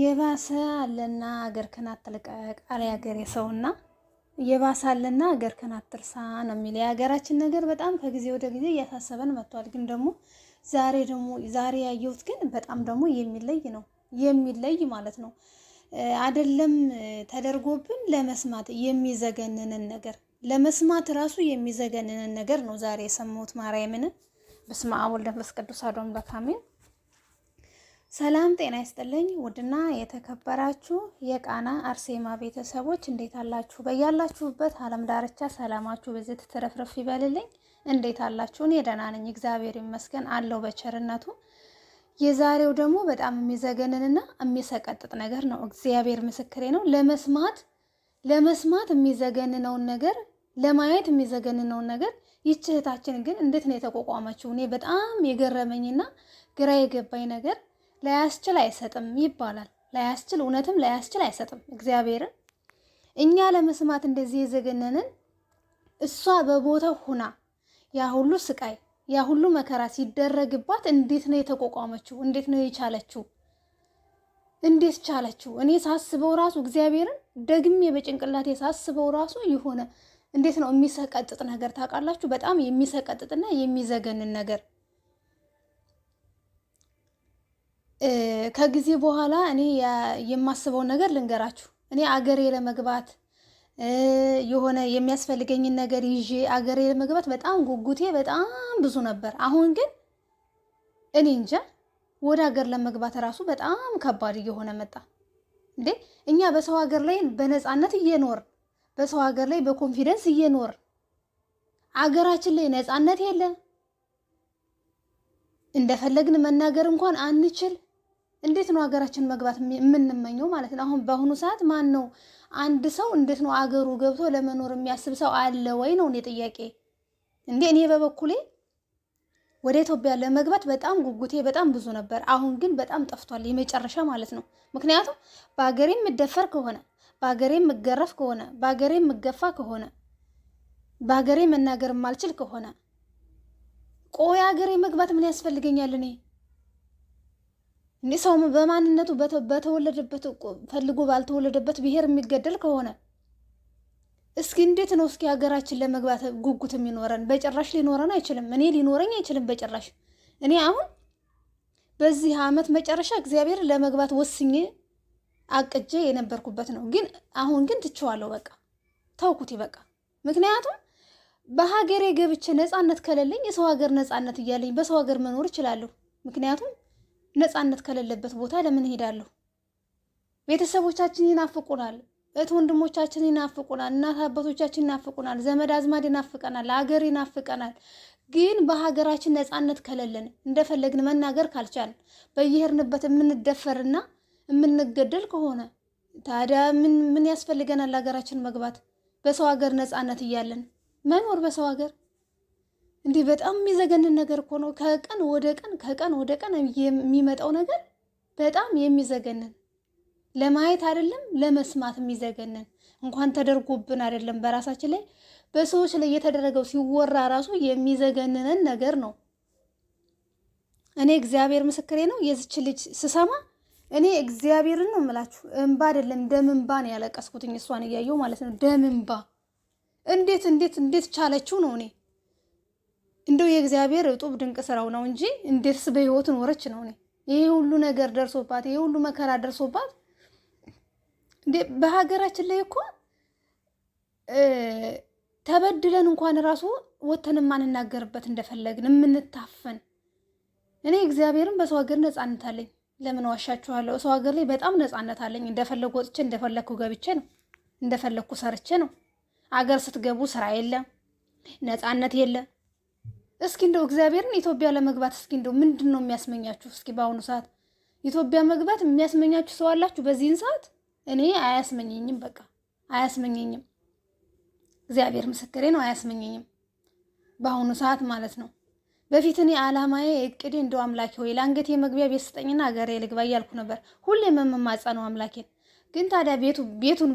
የባሰ አለና አገርክን አትልቀቅ አለ ያገሬ ሰውና የባሰ አለና አገርክን አትርሳ ነው የሀገራችን ነገር በጣም ከጊዜ ወደ ጊዜ እያሳሰበን መጥቷል። ግን ደግሞ ዛሬ ደግሞ ዛሬ ያየሁት ግን በጣም ደግሞ የሚለይ ነው የሚለይ ማለት ነው አይደለም ተደርጎብን ለመስማት የሚዘገንንን ነገር ለመስማት ራሱ የሚዘገንንን ነገር ነው ዛሬ የሰማሁት ማርያምን በስመ አብ ወወልድ ወመንፈስ ቅዱስ አሐዱ አምላክ አሜን። ሰላም ጤና ይስጥልኝ። ውድና የተከበራችሁ የቃና አርሴማ ቤተሰቦች እንዴት አላችሁ? በያላችሁበት ዓለም ዳርቻ ሰላማችሁ በዚህ ትትረፍረፍ ይበልልኝ። እንዴት አላችሁ? እኔ ደህና ነኝ፣ እግዚአብሔር ይመስገን አለው በቸርነቱ። የዛሬው ደግሞ በጣም የሚዘገንንና የሚሰቀጥጥ ነገር ነው። እግዚአብሔር ምስክሬ ነው። ለመስማት ለመስማት የሚዘገንነውን ነገር ለማየት የሚዘገንነውን ነገር ይች እህታችን ግን እንዴት ነው የተቋቋመችው? እኔ በጣም የገረመኝና ግራ የገባኝ ነገር ላያስችል አይሰጥም ይባላል። ላያስችል እውነትም ላያስችል አይሰጥም። እግዚአብሔርን እኛ ለመስማት እንደዚህ የዘገነንን እሷ በቦታው ሁና ያ ሁሉ ስቃይ ያ ሁሉ መከራ ሲደረግባት እንዴት ነው የተቋቋመችው? እንዴት ነው የቻለችው? እንዴት ቻለችው? እኔ ሳስበው ራሱ እግዚአብሔርን ደግሜ በጭንቅላቴ ሳስበው ራሱ የሆነ እንዴት ነው የሚሰቀጥጥ ነገር ታውቃላችሁ? በጣም የሚሰቀጥጥና የሚዘገንን ነገር ከጊዜ በኋላ እኔ የማስበውን ነገር ልንገራችሁ። እኔ አገሬ ለመግባት የሆነ የሚያስፈልገኝን ነገር ይዤ አገሬ ለመግባት በጣም ጉጉቴ በጣም ብዙ ነበር። አሁን ግን እኔ እንጃ ወደ ሀገር ለመግባት እራሱ በጣም ከባድ እየሆነ መጣ። እንዴ እኛ በሰው ሀገር ላይ በነፃነት እየኖርን በሰው ሀገር ላይ በኮንፊደንስ እየኖር አገራችን ላይ ነፃነት የለ፣ እንደፈለግን መናገር እንኳን አንችል። እንዴት ነው ሀገራችን መግባት የምንመኘው ማለት ነው? አሁን በአሁኑ ሰዓት ማን ነው አንድ ሰው እንዴት ነው አገሩ ገብቶ ለመኖር የሚያስብ ሰው አለ ወይ ነው እኔ ጥያቄ። እንዴ እኔ በበኩሌ ወደ ኢትዮጵያ ለመግባት በጣም ጉጉቴ በጣም ብዙ ነበር። አሁን ግን በጣም ጠፍቷል፣ የመጨረሻ ማለት ነው። ምክንያቱም በሀገሬ የምደፈር ከሆነ በሀገሬ የምገረፍ ከሆነ በሀገሬ የምገፋ ከሆነ በሀገሬ መናገር የማልችል ከሆነ ቆይ ሀገሬ መግባት ምን ያስፈልገኛል? እኔ እኔ ሰው በማንነቱ በተወለደበት ፈልጎ ባልተወለደበት ብሔር የሚገደል ከሆነ እስኪ እንዴት ነው እስኪ ሀገራችን ለመግባት ጉጉት የሚኖረን? በጭራሽ ሊኖረን አይችልም። እኔ ሊኖረኝ አይችልም በጭራሽ። እኔ አሁን በዚህ ዓመት መጨረሻ እግዚአብሔር ለመግባት ወስኜ አቅጄ የነበርኩበት ነው። ግን አሁን ግን ትችዋለሁ፣ በቃ ተውኩት፣ በቃ ምክንያቱም በሀገሬ ገብቼ ነፃነት ከሌለኝ የሰው ሀገር ነፃነት እያለኝ በሰው ሀገር መኖር እችላለሁ። ምክንያቱም ነፃነት ከሌለበት ቦታ ለምን ሄዳለሁ? ቤተሰቦቻችን ይናፍቁናል፣ እህት ወንድሞቻችን ይናፍቁናል፣ እናት አባቶቻችን ይናፍቁናል፣ ዘመድ አዝማድ ይናፍቀናል፣ ሀገር ይናፍቀናል። ግን በሀገራችን ነፃነት ከሌለን እንደፈለግን መናገር ካልቻል በየሄድንበት የምንደፈርና የምንገደል ከሆነ ታዲያ ምን ምን ያስፈልገናል? ሀገራችን መግባት በሰው ሀገር ነጻነት እያለን መኖር በሰው ሀገር እንዲህ በጣም የሚዘገንን ነገር እኮ ነው። ከቀን ወደ ቀን ከቀን ወደ ቀን የሚመጣው ነገር በጣም የሚዘገንን ለማየት አይደለም ለመስማት የሚዘገንን እንኳን ተደርጎብን አይደለም በራሳችን ላይ በሰዎች ላይ እየተደረገው ሲወራ ራሱ የሚዘገንንን ነገር ነው። እኔ እግዚአብሔር ምስክሬ ነው የዚች ልጅ ስሰማ እኔ እግዚአብሔርን ነው የምላችሁ፣ እንባ አይደለም ደም ነው ያለቀስኩትኝ እሷን እያየው ማለት ነው። ደም እንዴት እንዴት እንዴት ቻለችው ነው እኔ እንደው የእግዚአብሔር እጡብ ድንቅ ስራው ነው እንጂ እንዴትስ በህይወት ኖረች ነው እኔ። ይሄ ሁሉ ነገር ደርሶባት፣ ይሄ ሁሉ መከራ ደርሶባት በሀገራችን ላይ እኮ ተበድለን እንኳን ራሱ ወተን የማንናገርበት እንደፈለግን የምንታፈን። እኔ እግዚአብሔርን በሰው ሀገር ነጻነት አለኝ። ለምን ዋሻችኋለሁ? ሰው ሀገር ላይ በጣም ነፃነት አለኝ። እንደፈለኩ ወጥቼ እንደፈለኩ ገብቼ ነው እንደፈለኩ ሰርቼ ነው። አገር ስትገቡ ስራ የለ፣ ነፃነት የለ። እስኪ እንደው እግዚአብሔርን ኢትዮጵያ ለመግባት እስኪ እንደው ምንድን ነው የሚያስመኛችሁ? እስኪ በአሁኑ ሰዓት ኢትዮጵያ መግባት የሚያስመኛችሁ ሰው አላችሁ? በዚህን ሰዓት እኔ አያስመኘኝም። በቃ አያስመኘኝም። እግዚአብሔር ምስክሬ ነው፣ አያስመኘኝም በአሁኑ ሰዓት ማለት ነው። በፊት እኔ አላማዬ እቅዴ እንደው አምላኬ ሆይ ለአንገቴ መግቢያ ቤት ስጠኝና ሀገሬ ልግባ እያልኩ ነበር። ሁሌም ነው አምላኬን። ግን ታዲያ ቤቱ ቤቱን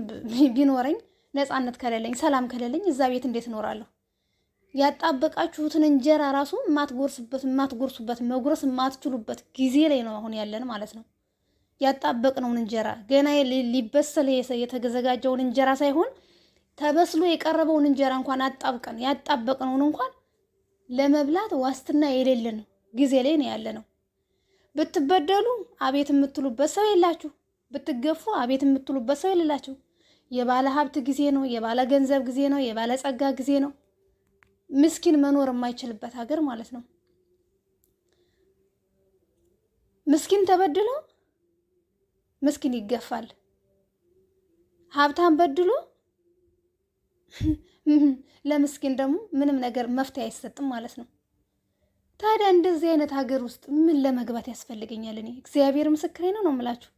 ቢኖረኝ ነፃነት ከሌለኝ ሰላም ከሌለኝ እዛ ቤት እንዴት እኖራለሁ? ያጣበቃችሁትን እንጀራ ራሱ የማትጎርሱበት የማትጎርሱበት መጉረስ የማትችሉበት ጊዜ ላይ ነው አሁን ያለን ማለት ነው። ያጣበቅነውን እንጀራ ገና ሊበሰል የተዘጋጀውን እንጀራ ሳይሆን ተበስሎ የቀረበውን እንጀራ እንኳን አጣብቀን ያጣበቅነውን እንኳን ለመብላት ዋስትና የሌለ ነው ጊዜ ላይ ነው ያለ ነው። ብትበደሉ አቤት የምትሉበት ሰው የላችሁ፣ ብትገፉ አቤት የምትሉበት ሰው የሌላችሁ። የባለ ሀብት ጊዜ ነው፣ የባለ ገንዘብ ጊዜ ነው፣ የባለ ጸጋ ጊዜ ነው። ምስኪን መኖር የማይችልበት ሀገር ማለት ነው። ምስኪን ተበድሎ ምስኪን ይገፋል። ሀብታም በድሎ ለምስኪን ደግሞ ምንም ነገር መፍትሄ አይሰጥም ማለት ነው። ታዲያ እንደዚህ አይነት ሀገር ውስጥ ምን ለመግባት ያስፈልገኛል? እኔ እግዚአብሔር ምስክሬ ነው ነው የምላችሁ።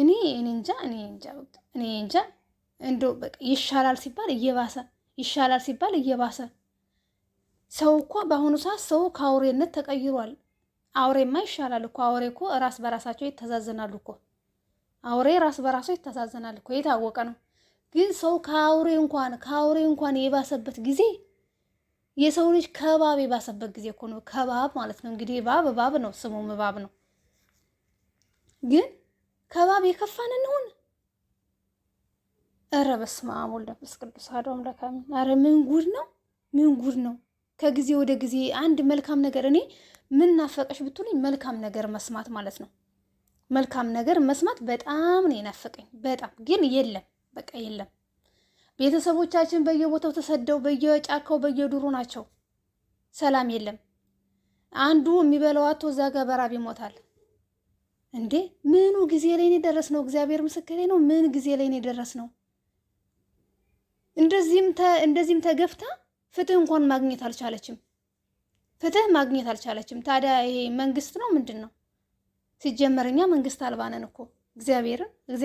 እኔ እኔ እንጃ እኔ እንጃ እኔ እንጃ እንደው በቃ ይሻላል ሲባል እየባሰ ይሻላል ሲባል እየባሰ ሰው እኮ በአሁኑ ሰዓት ሰው ከአውሬነት ተቀይሯል። አውሬማ ይሻላል እኮ አውሬ እኮ ራስ በራሳቸው ይተዛዘናሉ እኮ አውሬ ራስ በራሱ ይተዛዘናል እኮ የታወቀ ነው። ግን ሰው ከአውሬ እንኳን ከአውሬ እንኳን የባሰበት ጊዜ የሰው ልጅ ከባብ የባሰበት ጊዜ እኮ ነው። ከባብ ማለት ነው እንግዲህ እባብ እባብ ነው ስሙም እባብ ነው። ግን ከባብ የከፋን እንሆን ኧረ በስመ አብ ወወልድ ወመንፈስ ቅዱስ አሐዱ አምላክ አሜን። ኧረ ምን ጉድ ነው! ምን ጉድ ነው! ከጊዜ ወደ ጊዜ አንድ መልካም ነገር እኔ ምን ናፈቀሽ ብትሉኝ መልካም ነገር መስማት ማለት ነው። መልካም ነገር መስማት በጣም ነው የናፈቀኝ። በጣም ግን የለም በቃ የለም። ቤተሰቦቻችን በየቦታው ተሰደው በየጫካው በየዱሩ ናቸው። ሰላም የለም። አንዱ የሚበላው አቶ እዛ ጋ በራብ ይሞታል። እንዴ ምኑ ጊዜ ላይ ነው እግዚአብሔር ምስክሬ ነው። ምን ጊዜ ላይ ነው እንደዚህም ተገፍታ ፍትህ እንኳን ማግኘት አልቻለችም። ፍትህ ማግኘት አልቻለችም። ታዲያ ይሄ መንግስት ነው ምንድን ነው? ሲጀመር እኛ መንግስት አልባ ነን እኮ እግዚአብሔርን